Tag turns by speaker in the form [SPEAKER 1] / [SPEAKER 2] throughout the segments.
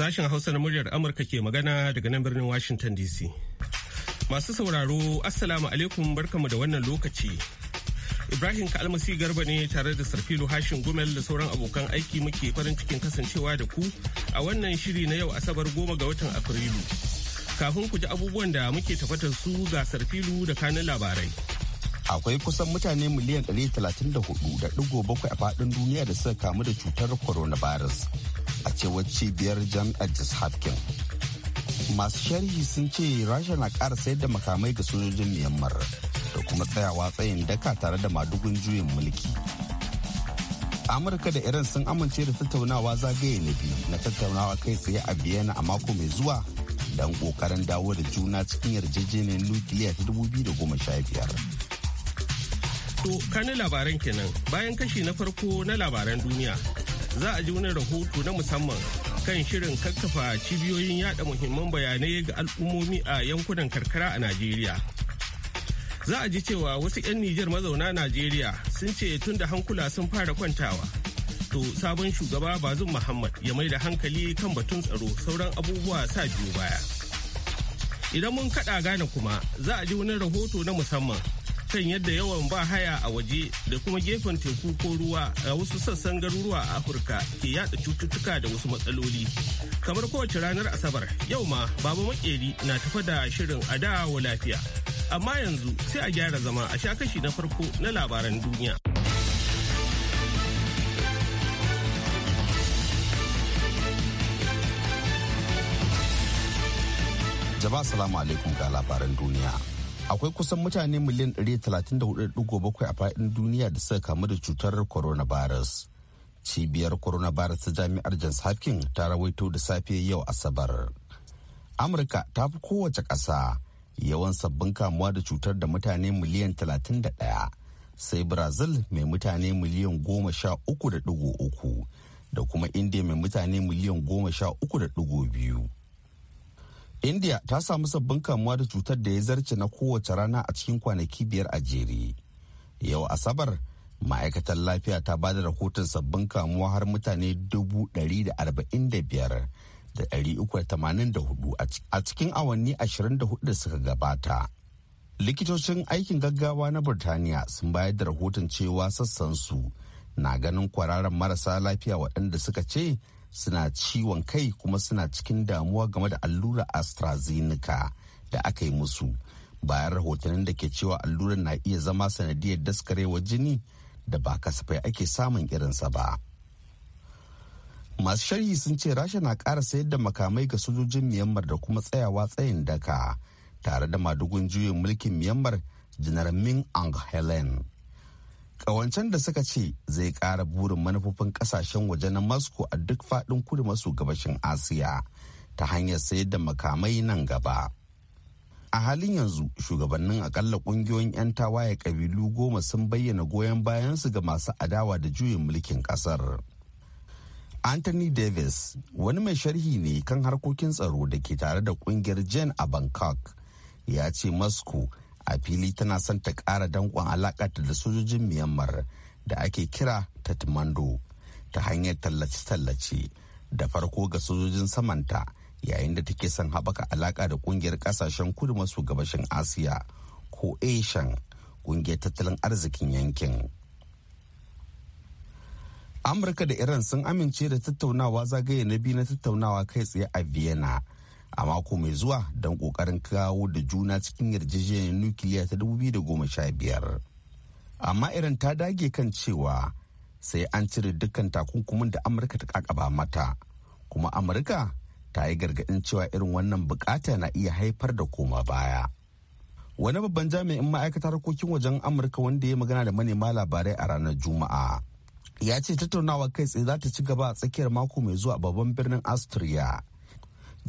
[SPEAKER 1] Sashen Hausa na muryar Amurka ke magana daga nan birnin Washington DC. Masu sauraro, Assalamu alaikum barkamu da wannan lokaci. Ibrahim Kalmasi Garba ne tare da Sarfilo Hashin Gumel da sauran abokan aiki muke farin cikin kasancewa da ku a wannan shiri na yau Asabar goma ga watan Afrilu. Kafin ku ji abubuwan da muke tafatar su ga Sarfilu da kanin labarai.
[SPEAKER 2] Akwai kusan mutane miliyan 134.7 a faɗin duniya da suka kamu da cutar coronavirus a cewar cibiyar jami'ar hafkin masu sharhi sun ce rasha na ƙara sayar da makamai ga sojojin myanmar da kuma tsayawa tsayin daka tare da madugun juyin mulki amurka da iran sun amince da tattaunawa zagaye na biyu na tattaunawa kai tsaye a biyana a mako mai zuwa don kokarin dawo da juna cikin yarjejeniyar nukiliya ta dubu da goma 2015
[SPEAKER 1] To, kani labaran kenan bayan kashi na farko na labaran duniya za a ji wani rahoto na musamman kan shirin kakkafa cibiyoyin yada muhimman bayanai ga al'ummomi a yankunan karkara a Najeriya. Za a ji cewa wasu 'yan Nijar mazauna Najeriya sun ce tun da hankula sun fara kwantawa. To sabon shugaba Bazum Muhammad ya mai da hankali kan batun tsaro sauran abubuwa sa biyu baya. Idan mun kaɗa gane kuma za a ji wani rahoto na musamman kan yadda yawan ba haya a waje da kuma gefen teku ko ruwa a wasu sassan garuruwa a afirka ke yada cututtuka da wasu matsaloli kamar kowace ranar asabar yau ma babu makeri na tafa da shirin adawa lafiya amma yanzu sai a gyara zama a sha kashi na farko na labaran duniya
[SPEAKER 2] jama'a salamu alaikum ga labaran duniya akwai kusan mutane miliyan 134.7 a faɗin duniya da suka kamu da cutar coronavirus. Cibiyar coronavirus ta jami'ar Johns Hopkins ta rawaito da safe yau Asabar. Amurka ta fi kowace ƙasa yawan sabbin kamuwa da cutar da mutane miliyan 31 sai Brazil mai mutane miliyan goma sha uku da kuma India mai mutane miliyan goma sha uku da biyu. india ta samu sabbin kamuwa da cutar da ya zarce na kowace rana a cikin kwanaki biyar a jere yau asabar ma'aikatar lafiya ta ba da rahoton sabbin kamuwa har mutane 145,384 a cikin awanni 24 da suka gabata likitocin aikin gaggawa na burtaniya sun bayar da rahoton cewa sassan su na ganin kwararren marasa lafiya waɗanda suka ce suna ciwon kai kuma suna cikin damuwa game da allurar AstraZeneca da aka yi musu. Bayan rahotannin da ke cewa allurar na iya zama sanadiyar daskarewa jini da ba kasafai ake samun irinsa ba. Masu sharhi sun ce Rasha na ƙara sayar da makamai ga sojojin Myanmar da kuma tsayawa tsayin daka tare da madugun juyin mulkin Myanmar Janar Min Aung helen Kawancen da suka ce zai kara burin manufofin kasashen waje na Moscow a duk faɗin kudu maso gabashin Asiya ta hanyar sayar da makamai nan gaba. A halin yanzu shugabannin akalla kungiyoyin 'yan tawaye kabilu goma sun bayyana goyon bayansu ga masu adawa da juyin mulkin kasar. Anthony Davis wani mai sharhi ne kan harkokin tsaro da ke tare da kungiyar Jen a Bangkok ya ce Moscow a fili tana son ta kara danƙon ta da sojojin myanmar da ake kira tatmando ta hanyar tallace-tallace da farko ga sojojin samanta yayin da take son haɓaka alaƙa da ƙungiyar ƙasashen kudu maso gabashin asiya ko asian ƙungiyar tattalin arzikin yankin amurka da iran sun amince da tattaunawa zagaye na biyu na tattaunawa kai tsaye a vienna a mako mai zuwa don kokarin kawo da juna cikin yarjejeniyar nukiliya ta 2015 amma irin ta dage kan cewa sai an cire dukkan takunkumin da amurka ta kakaba mata kuma amurka ta yi gargadin cewa irin wannan bukata na iya haifar da koma baya wani babban jami'in ma'aikatar harkokin wajen amurka wanda ya magana da manema labarai a ranar juma'a ya ce tattaunawa kai tsaye za ta ci gaba a tsakiyar mako mai zuwa babban birnin austria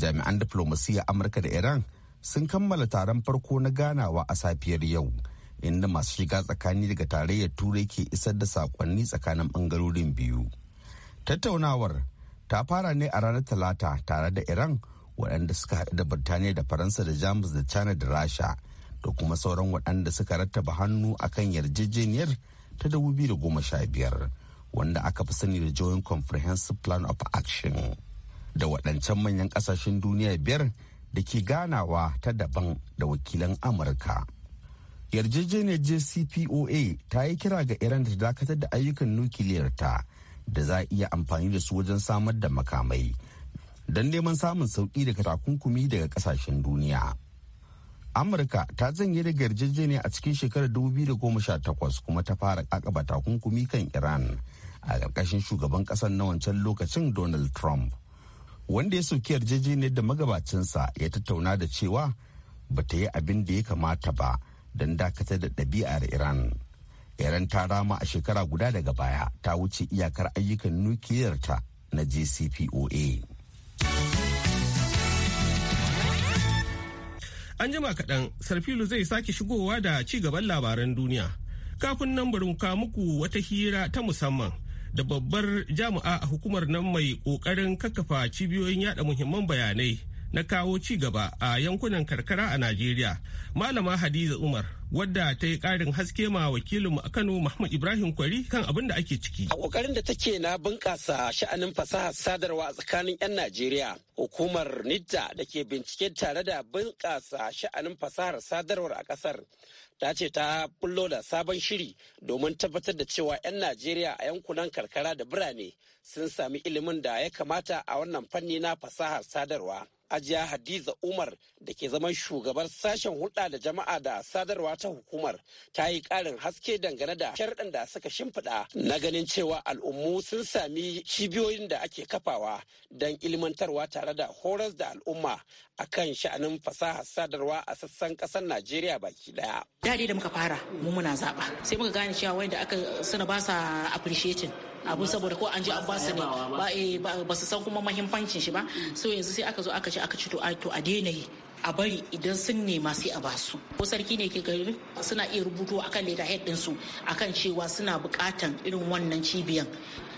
[SPEAKER 2] jami'an diflomasiyyar amurka da iran sun kammala taron farko na ganawa a safiyar yau inda masu shiga tsakani daga tarayyar turai ke isar da sakonni tsakanin bangarorin biyu tattaunawar ta fara ne a ranar talata tare da iran waɗanda suka haɗu da birtaniya da faransa da jamus da china da rasha da kuma sauran waɗanda suka rattaba hannu akan yarjejeniyar ta dubu biyu da goma sha biyar wanda aka fi sani da joint comprehensive plan of action. da waɗancan manyan ƙasashen duniya biyar da ke ganawa ta daban da wakilan amurka yarjejeniyar jcpoa ta yi kira ga iran da dakatar da ayyukan nukiliyarta da za a iya amfani da su wajen samar da makamai don neman samun sauƙi daga takunkumi daga ƙasashen duniya amurka ta janye daga yarjejeniya a cikin shekarar 2018 kuma ta fara kakaba takunkumi kan iran a ƙarƙashin shugaban ƙasar na wancan lokacin donald trump wanda ya soki yarjejeniyar da magabacinsa ya tattauna da cewa ba ta yi abin da ya kamata ba don dakatar da ɗabi'ar iran iran ta rama a shekara guda daga baya ta wuce iyakar ayyukan nukiliyarta na jcpoa
[SPEAKER 1] an jima kaɗan sarfilu zai sake shigowa da ci gaban labaran duniya kafin nan bari muka muku wata hira ta musamman da babbar jami'a a hukumar nan mai ƙoƙarin kakkafa cibiyoyin yada muhimman bayanai na kawo ci gaba a yankunan karkara a Najeriya. Malama Hadiza Umar wadda ta yi ƙarin haske ma wakilin a Kano Muhammad Ibrahim Kwari kan abin da ake ciki. A
[SPEAKER 3] ƙoƙarin da take na bunƙasa sha'anin fasahar sadarwa a tsakanin 'yan Najeriya, hukumar NITTA da ke bincike tare da bunƙasa sha'anin fasahar sadarwar a ƙasar ta ce ta bullo da sabon shiri domin tabbatar da cewa 'yan Najeriya a yankunan karkara da birane sun sami ilimin da ya kamata a wannan fanni na fasahar sadarwa. Ajiya Hadiza Umar da ke zaman shugabar sashen hulɗa da jama'a da sadarwa ta hukumar ta yi ƙarin haske dangane da sharɗan da suka shimfiɗa na ganin cewa al'ummu sun sami cibiyoyin da ake kafawa don ilmantarwa tare da horas da al'umma akan sha'anin fasahar sadarwa a sassan ƙasar Najeriya baki ɗaya.
[SPEAKER 4] Daɗi da muka fara mu muna zaɓa sai muka gane cewa wanda aka suna ba sa appreciating abu saboda ko an ji an basu ne eh, ba ba su san kuma mahimmancin shi ba so yanzu sai aka zo aka ce aka ci to a to a daina yi a bari idan sun nema sai a basu ko sarki ne ke gari suna iya rubutu akan leda head din su akan cewa suna bukatan irin wannan cibiyan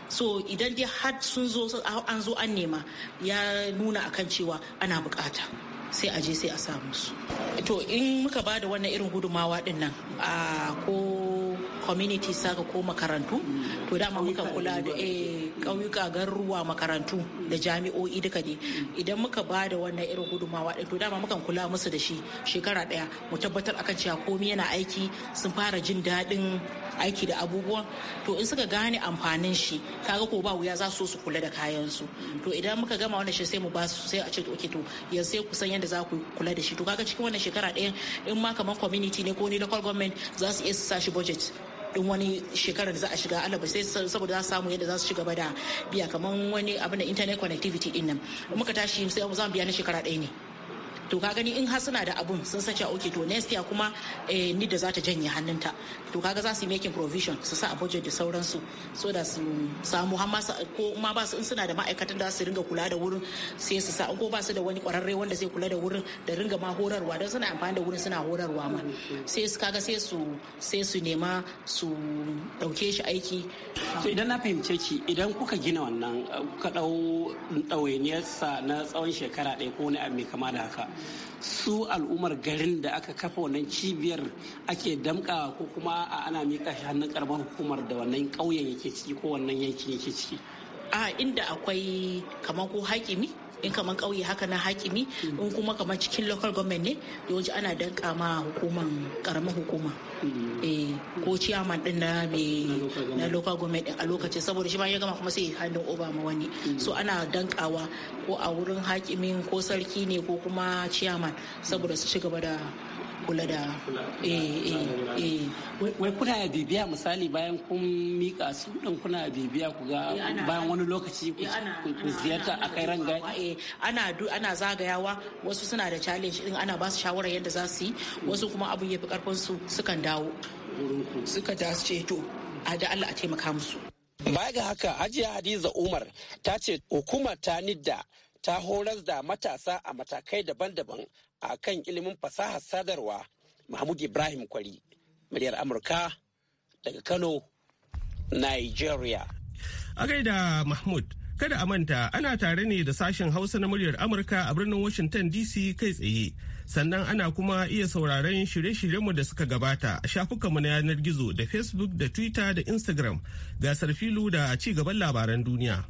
[SPEAKER 4] so idan dai har sun zo an zo an nema ya nuna akan cewa ana bukata sai a je sai a sa musu to in muka ba da wannan irin gudumawa din nan a ko community saka ko makarantu to dama muka kula da ƙauyuka eh, garuruwa makarantu da jami'o'i duka ne idan muka ba da wannan irin gudumawa din to dama muka kula musu da shi shekara ɗaya mu tabbatar akan cewa komai yana aiki sun fara jin daɗin aiki da abubuwa to in suka gane amfanin shi kaga ko ba wuya za su su kula da kayan su to idan muka gama wannan shi sai mu ba su sai a ce to yanzu sai kusan Da za ku kula da shi to kaga cikin wannan shekara ɗaya in ma kamar community ne ko ni local government za su iya su sa shi budget din wani shekara da za a shiga alaba sai saboda za su samu yadda za su shiga da biya kamar wani abin da internet connectivity din nan muka tashi sai za mu biya na shekara ɗaya ne to ka gani in har suna da abun sun sace oke to next year kuma eh, ni da za ta janye hannunta to kaga za su yi making provision su sa a budget da sauransu so da su samu har ko ma ba su in suna da ma'aikatan da su ringa kula da wurin sai su sa ko ba su da wani kwararre wanda zai kula da wurin da ringa ma horarwa don suna amfani da wurin suna horarwa ma sai su kaga sai su sai su nema su dauke shi aiki to
[SPEAKER 3] idan na fahimce ki idan kuka gina wannan kuka dau ɗawainiyarsa na tsawon shekara ɗaya ko wani abu mai kama da haka su al'ummar garin da aka kafa wannan cibiyar ake damƙawa ko kuma a'a ana miƙa shi hannun karamar hukumar da wannan ƙauyen yake ciki ko wannan yankin yake ciki
[SPEAKER 4] a inda akwai kamar ko hakimi in kamar ƙauye haka na hakimi hmm. in kuma kamar cikin local government ne yawanci ana danka ma hukuman karamar hukuma hmm. eh ko ciyaman din na na local government din a lokacin saboda shi ma ya gama kuma sai hannun obama ma wani hmm. so ana dankawa ko a wurin hakimin ko sarki ne ko kuma ciyaman saboda su ci gaba da kula da
[SPEAKER 3] eh, eh, eh.
[SPEAKER 4] wai kuna bibiya misali bayan kun mika su din kuna bibiya ku ga bayan wani lokaci ku ziyarta a kai ranga ana ana zagayawa wasu suna da challenge din ana ba su shawara yadda za su yi wasu kuma abun ya fi karfin su sukan dawo suka da su ce to a da
[SPEAKER 3] Allah a taimaka musu baya ga haka hajiya hadiza umar ta ce hukumar ta nidda ta horar da matasa a matakai daban-daban a kan ilimin fasahar sadarwa mahmud ibrahim kwari muryar amurka daga kano nigeria
[SPEAKER 1] a gaida mahmud kada a manta ana tare ne da sashen hausa na muryar amurka a birnin washington dc kai tsaye sannan ana kuma iya sauraron shirye-shiryenmu da suka gabata a shafukanmu na yanar gizo da facebook da twitter da instagram gasar filu da ci gaban labaran duniya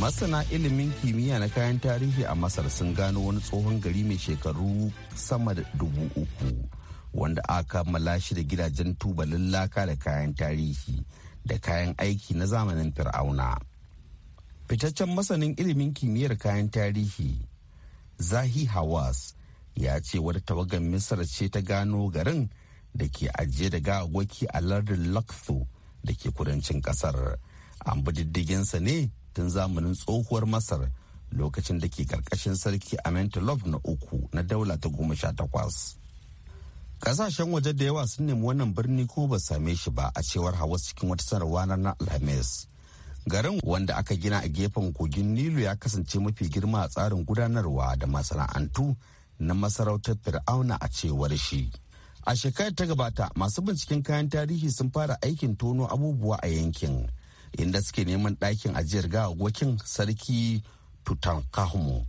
[SPEAKER 1] masana ilimin kimiyya na kayan tarihi a
[SPEAKER 2] masar sun gano wani tsohon gari mai shekaru sama da dubu uku wanda aka malashi da gidajen tuba laka da kayan tarihi da kayan aiki na zamanin fir'auna fitaccen masanin ilimin kimiyyar kayan tarihi zahi hawas ya ce wata tawagar misar ce ta gano garin da ke ajiye da gawaki a lardin lakso da ke kudancin kasar an bi diddiginsa ne tun zamanin tsohuwar masar lokacin da ke karkashin sarki amentelope na uku na daula ta goma sha takwas kasashen waje da yawa sun nemi wannan birni ko ba same shi ba a cewar hawa cikin wata sanarwa na alhamis garin wanda aka gina a gefen kogin nilu ya kasance mafi girma a tsarin gudanarwa da masana'antu na masarautar fir'auna a cewar shi a shekarar ta gabata masu binciken kayan tarihi sun fara aikin tono abubuwa a yankin inda suke neman ɗakin ajiyar gawawwakin sarki tutankhamun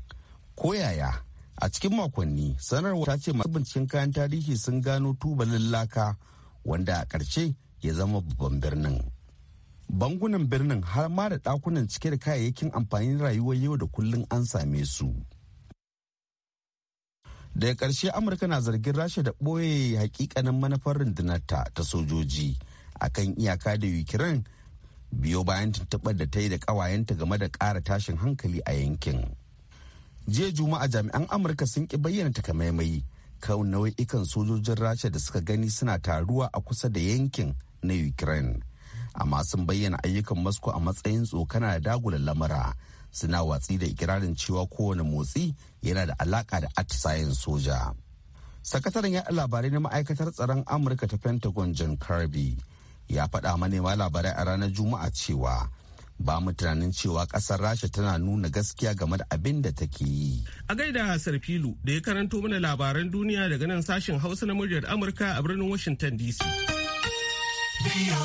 [SPEAKER 2] ko yaya a cikin makonni sanarwa ta ce masu binciken kayan tarihi sun gano tubalin laka wanda a ƙarshe ya zama babban birnin bangunan birnin har ma da ɗakunan cike da kayayyakin amfanin rayuwar yau da kullum an same su daga ƙarshe amurka na zargin rasha da ɓoye hakikanin manufar rundunarta ta sojoji akan iyaka da ukraine biyo bayan tuntuɓar da ta yi da ƙawayenta game da ƙara tashin hankali a yankin. Jiya Juma'a jami'an Amurka sun ƙi bayyana takamaimai kan nau'ikan sojojin Rasha da suka gani suna taruwa a kusa da yankin na Ukraine. Amma sun bayyana ayyukan Moscow a matsayin tsokana da dagula lamura suna watsi da ikirarin cewa kowane motsi yana da alaka da atisayen soja. Sakataren yaɗa labarai na ma'aikatar tsaron Amurka ta Pentagon John Kirby ya faɗa manema labarai a ranar juma'a cewa ba mu tunanin cewa ƙasar rasha tana nuna gaskiya game da abin da take yi
[SPEAKER 1] a gaida sarfilu da ya karanto mana labaran duniya daga nan sashen hausa na muryar amurka a birnin washington dc yanzu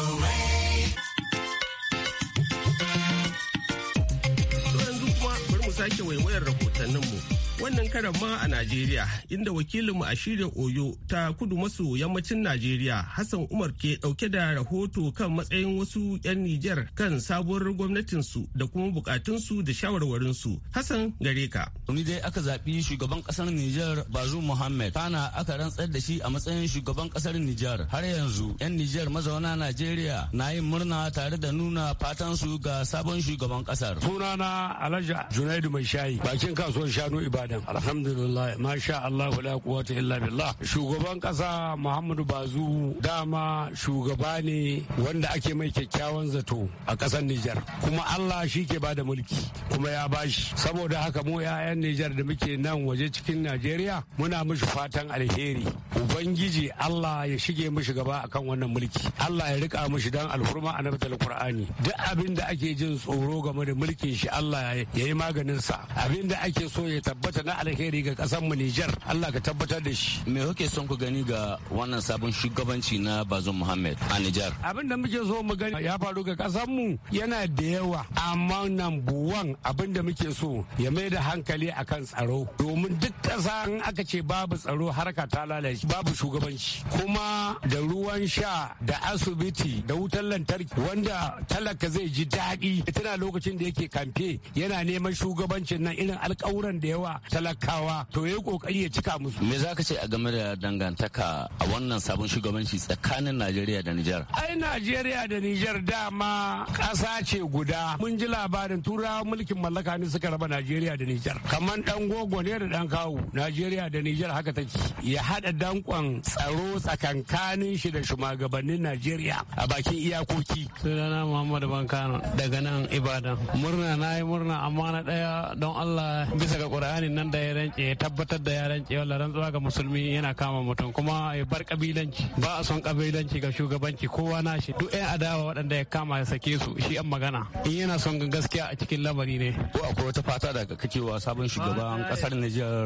[SPEAKER 1] kuma bari mu sake waiwayar rahotanninmu Wannan karan ma a Najeriya inda wakilinmu a shirya Oyo ta kudu maso yammacin Najeriya Hassan Umar ke dauke da rahoto kan matsayin wasu 'yan Nijar kan
[SPEAKER 5] sabuwar gwamnatinsu da kuma bukatunsu da shawarwarinsu. Hassan
[SPEAKER 1] gare ka. Ni
[SPEAKER 5] dai aka zaɓi shugaban kasar Nijar Bazu Mohammed kana aka rantsar da shi a matsayin shugaban ƙasar Nijar har yanzu 'yan Nijar mazauna Najeriya na yin murna tare da nuna fatan su ga sabon shugaban ƙasar.
[SPEAKER 6] Sunana Alhaji Junaidu Mai Shayi bakin kasuwar Shanu Ibadan. ladan alhamdulillah masha Allah wala quwwata illa billah shugaban ƙasa Muhammadu Bazu dama shugaba ne wanda ake mai kyakkyawan zato a kasar Nijar kuma Allah shi ke da mulki kuma ya bashi saboda haka mu 'ya'yan Nijar da muke nan waje cikin Najeriya muna mishi fatan alheri ubangiji Allah ya shige mishi gaba akan wannan mulki Allah ya rika mishi dan alhurma a annabatul Qur'ani duk abin da ake jin tsoro game da mulkin shi Allah ya yi maganin sa abin da ake so ya
[SPEAKER 5] tabbata na alheri ga kasar mu Nijar Allah ka tabbatar da shi
[SPEAKER 6] me kuke son ku gani
[SPEAKER 5] ga wannan sabon shugabanci na Bazum Muhammad a Nijar
[SPEAKER 6] abin da muke so mu gani ya faru ga kasar mu yana da yawa amma nan buwan abin da muke so ya mai da hankali akan tsaro domin duk kasa in aka ce babu tsaro harka ta lalace babu shugabanci kuma da ruwan sha da asibiti da wutar lantarki wanda talaka zai ji daɗi tana lokacin da yake kamfe yana neman shugabancin nan irin alkawuran da yawa
[SPEAKER 5] talakawa to ya kokari ya cika musu me zaka ce a game da dangantaka a wannan sabon shugabanci tsakanin Najeriya da Nijar
[SPEAKER 6] ai Najeriya da Nijar dama ƙasa ce guda mun ji labarin turawa mulkin mallaka ne suka raba Najeriya da Nijar kamar dan gogo ne da dan kawu Najeriya da Nijar haka take ya hada dankon tsaro tsakankanin shi da shugabannin Najeriya a bakin iyakoki sunana Muhammadu Bankano daga nan Ibadan murna na yi murna amma na daya don Allah bisa ga Qur'ani nan da ya rance ya tabbatar da ya rance wala rantsuwa ga musulmi yana kama mutum kuma ya bar kabilanci ba a son kabilanci ga shugabanci kowa na shi duk yan adawa waɗanda ya kama ya sake su shi an magana in yana son gaskiya a cikin lamari ne ko akwai wata fata da kake wa sabon shugaban
[SPEAKER 5] kasar Nijar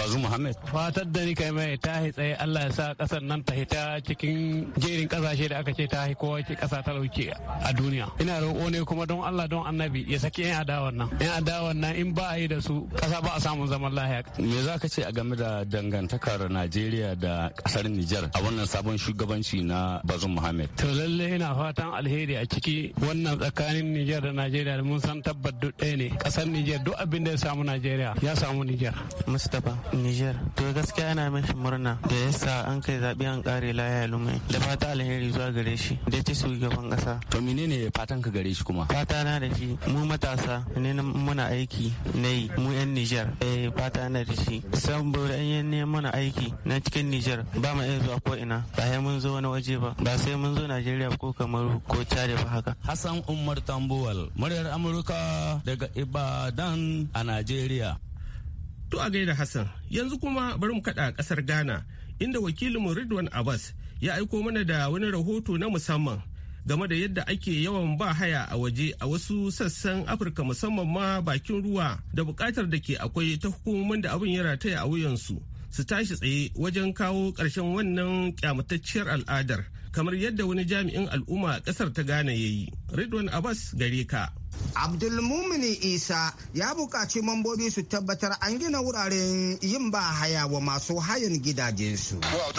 [SPEAKER 5] Bazoum Mohammed fatar
[SPEAKER 6] da ni kai mai ta tsaye Allah ya sa kasar nan ta hita cikin jerin kasashe da aka ce ta kowa ke kasa talauci a duniya ina roƙo ne kuma don Allah don annabi ya saki yan adawa nan yan adawa nan in ba a yi da su kasa ba a samu samun zaman lahiya
[SPEAKER 5] me za ka ce a game da dangantakar najeriya da kasar nijar a wannan sabon shugabanci na bazum muhammad
[SPEAKER 6] to lalle ina fatan alheri a ciki wannan tsakanin nijar da najeriya mun san tabbat duk ɗaya ne kasar nijar duk abin da ya samu najeriya ya samu nijar
[SPEAKER 5] mustapha nijar to gaskiya ana mishi murna da yasa an kai zaɓi an ƙare laya lumai da fata alheri zuwa gare shi da ta shugaban ƙasa to menene fatan ka gare shi kuma fata na da shi mu matasa ne muna aiki na yi mu yan nijar eh fata na da shi saboda an yi mana aiki na cikin Nijar ba mu iya zuwa ko ina ba sai mun zo wani waje ba ba sai mun zo Najeriya ko Kamaru ko Chad ba haka Hassan Umar Tambuwal muryar Amurka daga Ibadan a Najeriya
[SPEAKER 1] To a gaida Hassan yanzu kuma bari mu kada kasar Ghana inda wakilinmu Ridwan Abbas ya aiko mana da wani rahoto na musamman game da yadda ake yawan ba haya a waje a wasu sassan afirka musamman ma bakin ruwa da bukatar da ke akwai ta hukumomin da abin ya rataya a wuyansu su tashi tsaye wajen kawo ƙarshen wannan kyamatacciyar al'adar kamar yadda wani jami'in al'umma a ƙasar ta Ghana ya yi. Ridwan Abbas
[SPEAKER 7] gare ka. Abdulmumini Isa ya buƙaci mambobi su tabbatar an gina wuraren yin ba haya wa masu hayan gidajensu.
[SPEAKER 8] Well,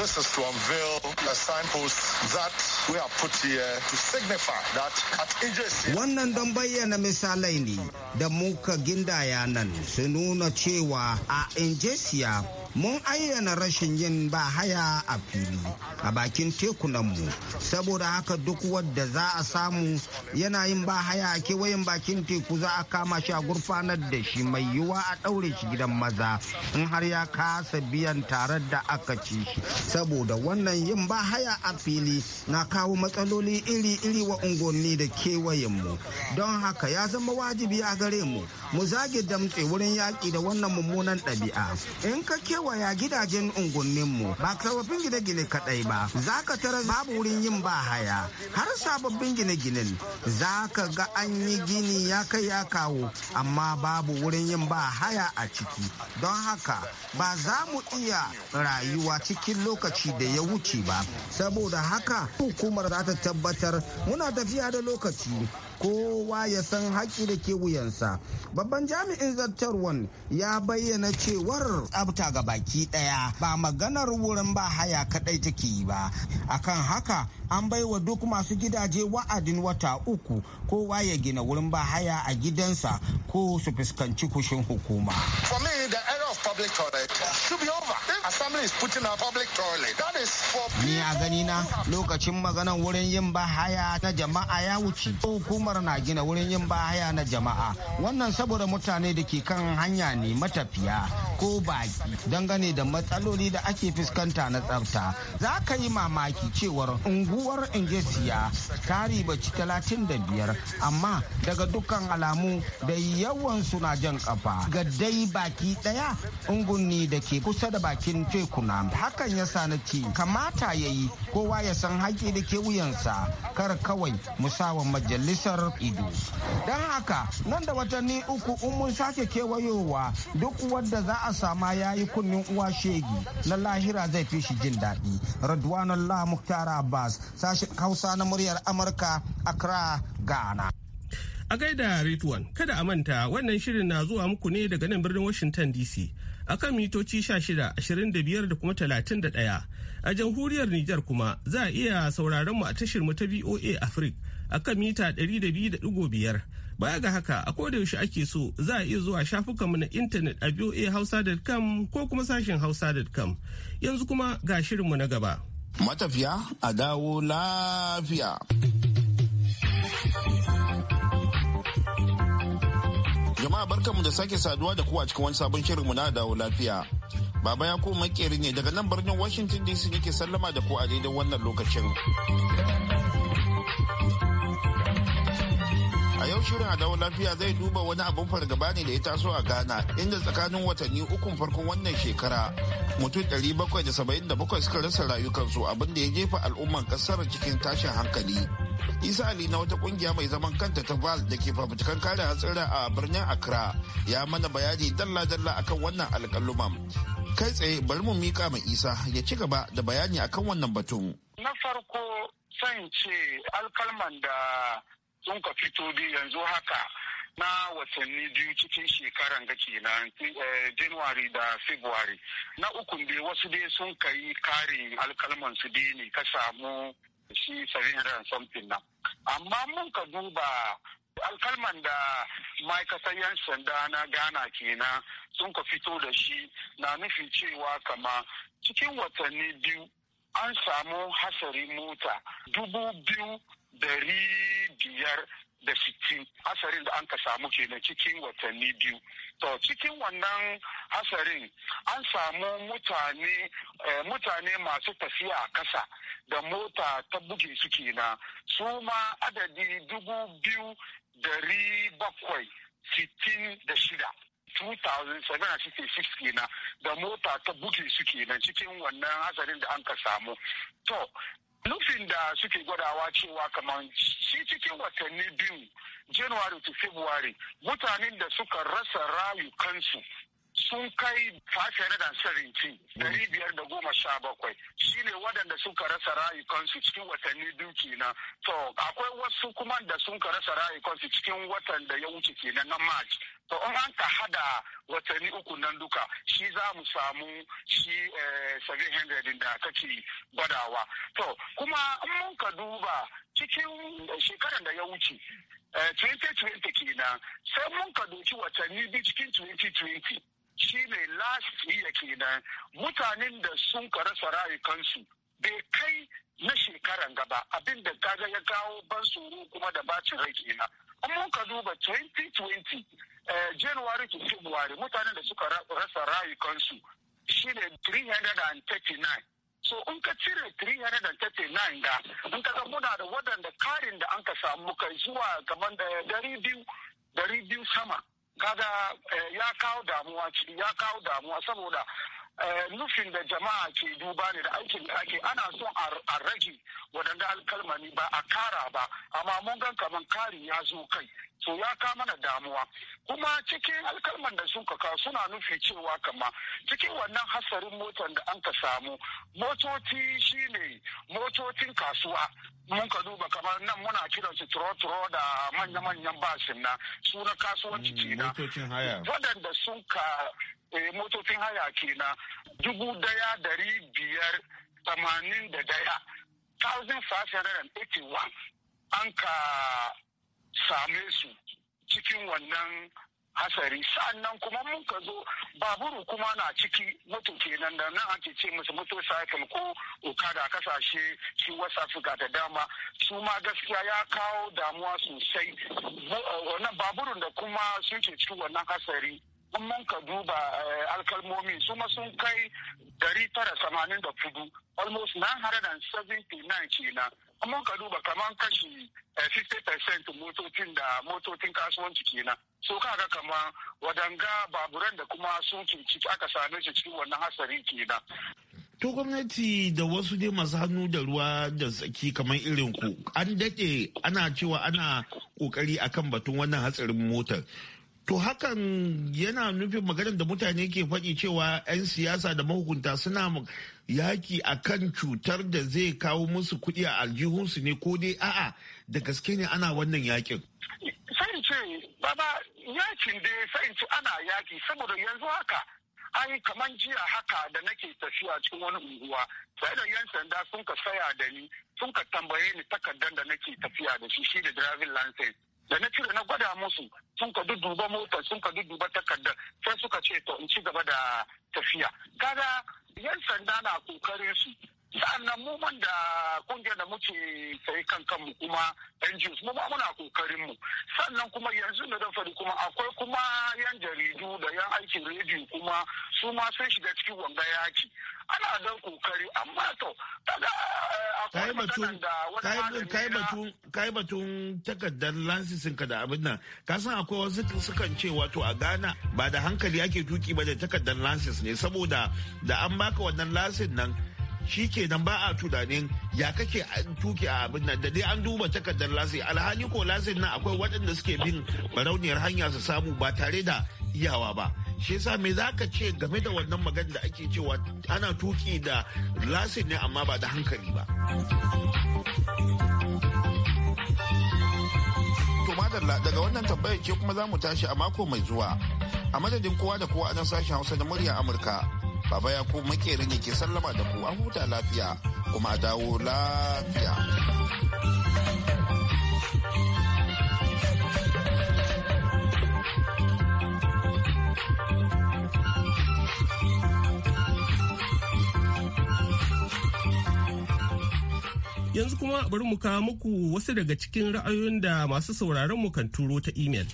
[SPEAKER 8] Wannan don
[SPEAKER 7] bayyana misalai ne da muka gindaya nan su nuna cewa a Injesiya mun ayyana rashin yin ba haya a fili a bakin tekunanmu saboda haka duk wadda za a samu yana yin ba haya a kewayen bakin teku za a kama shi a gurfanar da shi mai yiwuwa a ɗaure shi gidan maza in har ya kasa biyan tare da aka ci shi saboda wannan yin ba haya a fili na kawo matsaloli iri-iri wa unguwanni da kewayenmu don haka ya zama wajibi a gare mu mu zage damtse wurin yaƙi da wannan mummunan ɗabi'a in ka ke. kewaya gidajen unguwanninmu ba sababbin gine-gine kadai ba za ka tara babu wurin yin ba haya har sababbin gine-ginen za ka ga an yi gini ya kai ya kawo amma babu wurin yin ba haya a ciki don haka ba za mu iya rayuwa cikin lokaci da ya wuce ba saboda haka hukumar za ta tabbatar muna tafiya da lokaci kowa ya san haƙƙi da ke wuyansa babban jami'in zartarwan ya bayyana cewar tsabta ga baki ɗaya ba maganar wurin ba haya kaɗai take yi ba akan haka an baiwa duk masu gidaje wa'adin wata uku kowa ya gina wurin ba haya a gidansa ko su fuskanci kushin hukuma Ni a gani lokacin maganar wurin yin bahaya na jama'a ya wuce. al'ummar na gina wurin yin bahaya na jama'a wannan saboda mutane da ke kan hanya ne matafiya ko baki dangane da matsaloli da ake fuskanta na tsafta za ka yi mamaki cewar unguwar ingesiya ta da biyar amma daga dukkan alamu da yawan suna jan kafa ga dai baki daya ungunni da ke kusa da bakin tekuna hakan ya sa na ce kamata ya yi kowa ya san haƙi da ke wuyansa kar kawai musawan majalisar kasar ido don haka nan da watanni uku in mun sake kewayowa duk wadda za a sama ya yi kunnin uwa shegi na lahira zai fi shi jin daɗi radwan allah muktar abbas sashi hausa na muryar amurka accra ghana
[SPEAKER 1] a gaida rituwan kada a manta wannan shirin na zuwa muku ne daga nan birnin washington dc akan mitoci 16 ashirin da kuma 31 a jamhuriyar niger kuma za a iya sauraron mu a tashirmu ta voa africa a kan mita 200.5 baya ga haka a yaushe ake so za a iya zuwa shafukanmu na intanet a voahausa.com ko kuma sashen hausa.com yanzu kuma ga shirinmu na gaba
[SPEAKER 9] matafiya a dawo lafiya jama'a barkanmu da sake saduwa da kuwa cikin wani sabon shirinmu na dawo lafiya Baba ya ko makeri ne daga nan birnin Washington DC yake sallama da ku a daidai wannan lokacin. a yau shirin a dawo lafiya zai duba wani abin fargaba ne da ya taso a ghana inda tsakanin watanni ukun farkon wannan shekara mutum 777 suka rasa rayukansu abin da ya jefa al'umman kasar cikin tashin hankali isa ali na wata kungiya mai zaman kanta ta val da ke fafutukan kare hatsira a birnin accra ya mana bayani dalla-dalla akan wannan alƙaluman kai tsaye bari mu mika ma isa ya ci gaba da bayani akan wannan batun
[SPEAKER 8] na farko son ce alkalman da sun ka fito biyu yanzu haka na watanni biyu cikin shekaran da kenan eh, january da february na ukun dai wasu dai sun ka yi karin alkalman su dai ne ka samu shi 700 something nan amma mun ka duba alkalman da ma'aikatar yan sanda na ghana kenan sun ka fito da shi na nufin cewa kama cikin watanni biyu an samu hasari mota dubu biyu dari biyar da sittin hasarin da an ka samu kenan cikin watanni biyu to cikin wannan hasarin an samu mutane eh, mutane masu tafiya a kasa da mota ta buge su kenan su ma adadi dubu biyu dari bakwai sittin da shida 2766 kenan da mota ta buge su kenan cikin wannan hasarin da an ka samu to nufin da suke gwadawa cewa kamar shi cikin watanni biyu january to february mutanen da suka rasa rayukansu sun kai 517 dari biyar da goma sha bakwai shine waɗanda suka rasa rayukansu cikin watanni biyu kenan to akwai wasu kuma da sun ka rasa rayukansu cikin watan da ya wuce kenan na march to in an ka hada watanni uku nan duka shi za mu samu shi 700 eh, da kake gwadawa to kuma in mun ka duba cikin shekarar da ya wuce 2020 eh, kenan sai mun ka doki watanni biyu cikin 2020 shine last year kenan mutanen da sun ka rasa rayukansu bai kai na shekaran gaba abin da kaga ya kawo ban tsoro kuma da bacin rai kenan in mun ka duba 2020 eh, january to february mutanen da suka rasa rayukansu shine 339 so in ka cire 339 ga in ka ga muna da waɗanda karin da an ka samu kai zuwa gaban da dari sama kaga eh, ya kawo damuwa ya kawo damuwa saboda Eh, nufin da jama'a ke duba ne da aikin da ake ana son a rage waɗanda alkalmani ba a kara ba amma mun gan kamar kari ya zo kai to ya ka mana damuwa kuma cikin alkalman da sun kaka suna nufi cewa kama cikin wannan hasarin motar da an ka samu motoci shine motocin kasuwa mun ka duba kamar nan muna kiran su turo-turo da manya-manyan basin na suna na kasuwanci mm, kenan waɗanda sun ka Eh, motocin haya kenan dubu daya dari biyar tamanin da daya one an ka same su cikin wannan hasari sa'annan kuma mun ka zo baburu kuma na ciki moto kenan da nan ake ce musu motorcycle ko okada kasashe su west africa da dama su ma gaskiya ya kawo damuwa sosai wannan baburun da kuma sun ke cikin wannan hasari in mun ka duba eh, alkalmomi su ma sun kai dari tara samanin da fudu almost 979 kenan in mun ka duba kamar kashi 50% eh, motocin da motocin kasuwanci kenan so kaga kamar wadanga baburan da kuma sun ciki aka same shi cikin wannan hasari kenan
[SPEAKER 9] To gwamnati da wasu dai masu hannu da ruwa da tsaki kamar irin ku an daɗe ana cewa ana ƙoƙari akan batun wannan hatsarin motar. To hakan yana nufin maganar da mutane ke faɗi cewa 'yan siyasa da mahukunta suna yaki a kan cutar da zai kawo musu kuɗi a aljihunsu ne ko dai a'a da gaske ne ana wannan yakin.
[SPEAKER 8] Sai ce baba yakin da sai ana yaki saboda yanzu haka ai kaman jiya haka da nake tafiya cikin wani unguwa sai da yan sanda sun ka saya da ni sun ka tambaye ni takardar da nake tafiya da shi shi da driving license da na cire na gwada musu sun ka dudduba motar sun ka dudduba takardar sai suka ce to in ci gaba da tafiya kaga yan sanda na kokarin su sannan mu man da kungiyar da muke sai kan kanmu kuma NGOs mu ma muna kokarin mu sannan kuma yanzu na dan fadi kuma akwai kuma yan jaridu da yan aikin rediyo kuma su ma sun shiga cikin wanga yaki ana dan kokari amma to daga. Eh, akwai batun da wani kai batun
[SPEAKER 9] kai batun takardar lansisin ka da abin nan ka san akwai wasu sukan ce wato a Ghana ba da hankali ake tuki ba da takardar lansis ne saboda da an baka wannan lansin nan shi kenan ba a tunanin ya kake tuki a abin nan da dai an duba takardar lasi alhali ko lasin nan akwai waɗanda suke bin barauniyar hanya su samu ba tare da iyawa ba shi yasa me za ka ce game da wannan magana da ake cewa ana tuki da lasin ne amma ba da hankali ba to madalla daga wannan tambayar ce kuma za mu tashi a mako mai zuwa a madadin kowa da kowa a nan sashen hausa da murya amurka Baba ya ku makerin yake sallama da ku an huta lafiya kuma a dawo lafiya.
[SPEAKER 1] Yanzu kuma bari mu kawo muku wasu daga cikin ra'ayoyin da masu sauraron mu kan turo ta imel.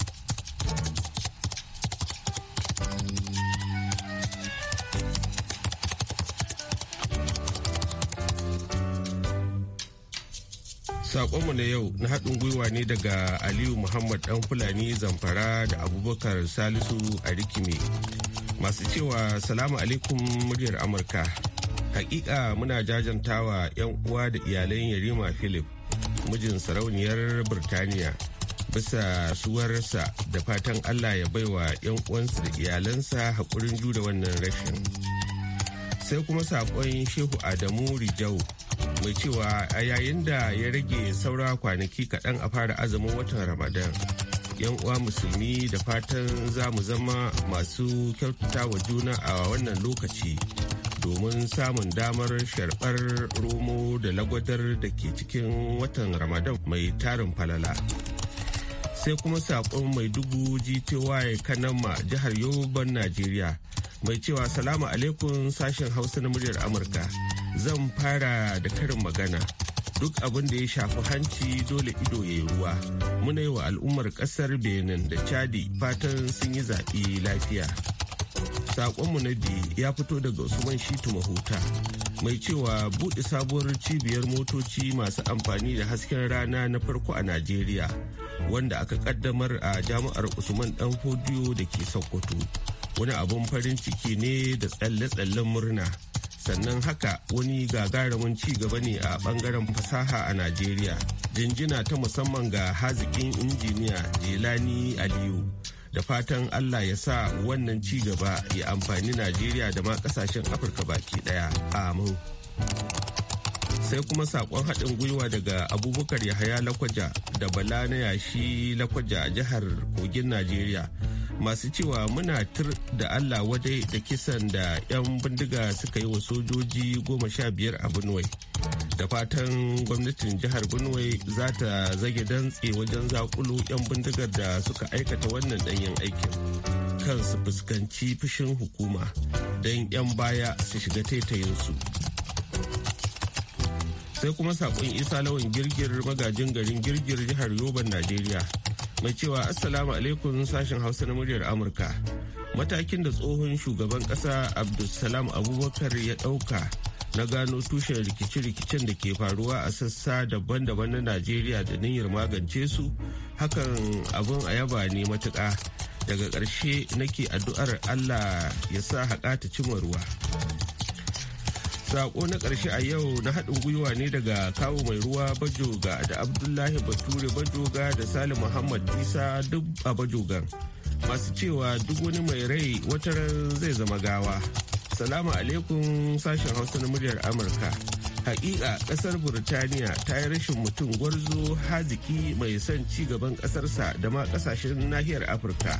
[SPEAKER 1] sakonmu na yau na haɗin gwiwa ne daga aliyu muhammad dan fulani zamfara da abubakar salisu a rikime masu cewa salamu alaikum muryar amurka hakika muna jajantawa 'yan uwa da iyalan yarima philip mijin sarauniyar birtaniya bisa suwarsa da fatan allah ya baiwa 'yan uwansa da iyalansa haƙurin jure wannan rashin sai kuma sakon shehu adamu rijau mai cewa a yayin da ya rage saura kwanaki kaɗan a fara azumin watan ramadan yan uwa musulmi da fatan za mu zama masu kyautata wa juna a wannan lokaci domin samun damar sharɓar romo da lagwadar da ke cikin watan ramadan mai tarin falala sai kuma saƙon mai dubu gty kanama jihar yoban najeriya mai cewa salamu alaikum sashen hausa na muryar amurka zan fara da karin magana duk abin da ya shafi hanci dole ido ya yi ruwa muna yi wa al'ummar kasar benin da chadi fatan sun yi zaɓe lafiya saƙonmu na biyu ya fito daga usman shitu mahuta mai cewa buɗe sabuwar cibiyar motoci masu amfani da hasken rana na farko a najeriya wanda aka kaddamar a jami'ar usman dan hodiyo da ke sokoto wani abin farin ciki ne da tsalle-tsallen murna sannan haka wani gagarumin ci gaba ne a bangaren fasaha a najeriya jinjina ta musamman ga hazikin injiniya jelani aliyu da fatan allah ya sa wannan ci gaba ya amfani najeriya da ma kasashen afirka baki daya amin sai kuma saƙon haɗin gwiwa daga abubakar yahaya lakwaja da bala na yashi lakwaja a jihar kogin najeriya masu cewa muna tur da Allah wadai da kisan da 'yan bindiga suka yi wa sojoji goma sha biyar a Benue. Da fatan gwamnatin jihar Benue za ta zage dantse wajen zakulu 'yan bindigar da suka aikata wannan ɗanyen aikin. Kan su fuskanci fushin hukuma don 'yan baya su shiga taitayinsu. Sai kuma saƙon isa lawan girgir magajin garin girgir jihar Yoban Najeriya. mai cewa assalamu alaikum sashen hausa na muryar amurka matakin da tsohon shugaban kasa abdulsalam abubakar ya dauka na gano tushen rikice-rikicen da ke faruwa a sassa daban-daban na najeriya da niyyar magance su hakan abun a yaba ne matuƙa daga ƙarshe nake addu'ar allah ya sa haƙa ta cimma ruwa Sako na ƙarshe a yau na haɗin gwiwa ne daga kawo mai ruwa bajoga da Abdullahi Bature bajoga da Salim Muhammad Isa duk a bajogan. Masu cewa duk wani mai rai wata ran zai zama gawa. Salamu alaikum sashen Hausa na muryar Amurka. Hakika ƙasar Burtaniya ta yi rashin mutum gwarzo haziki mai son ci gaban ƙasarsa da ma ƙasashen nahiyar Afirka.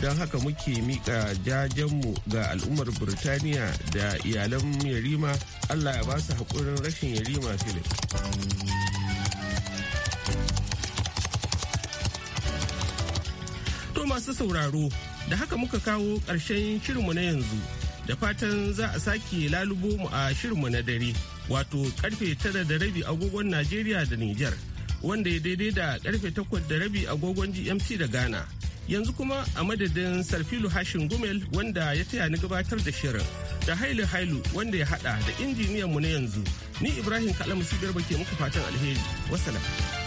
[SPEAKER 1] don haka muke mika jajenmu ga al'ummar burtaniya da iyalan yarima allah ya ba su haƙurin rashin yarima filip to masu sauraro da haka muka kawo ƙarshen shirinmu na yanzu da fatan za a sake lalubo mu a shirinmu na dare wato karfe tara da rabi agogon najeriya da niger wanda ya daidai da karfe takwas da rabi agogon gmt da ghana yanzu kuma a madadin sarfilu hashin gumel wanda ya taya ni gabatar da shirin da hailu hailu wanda ya hada da injiniyan mu na yanzu ni ibrahim kalamusi garba ke muku fatan alheri wasalam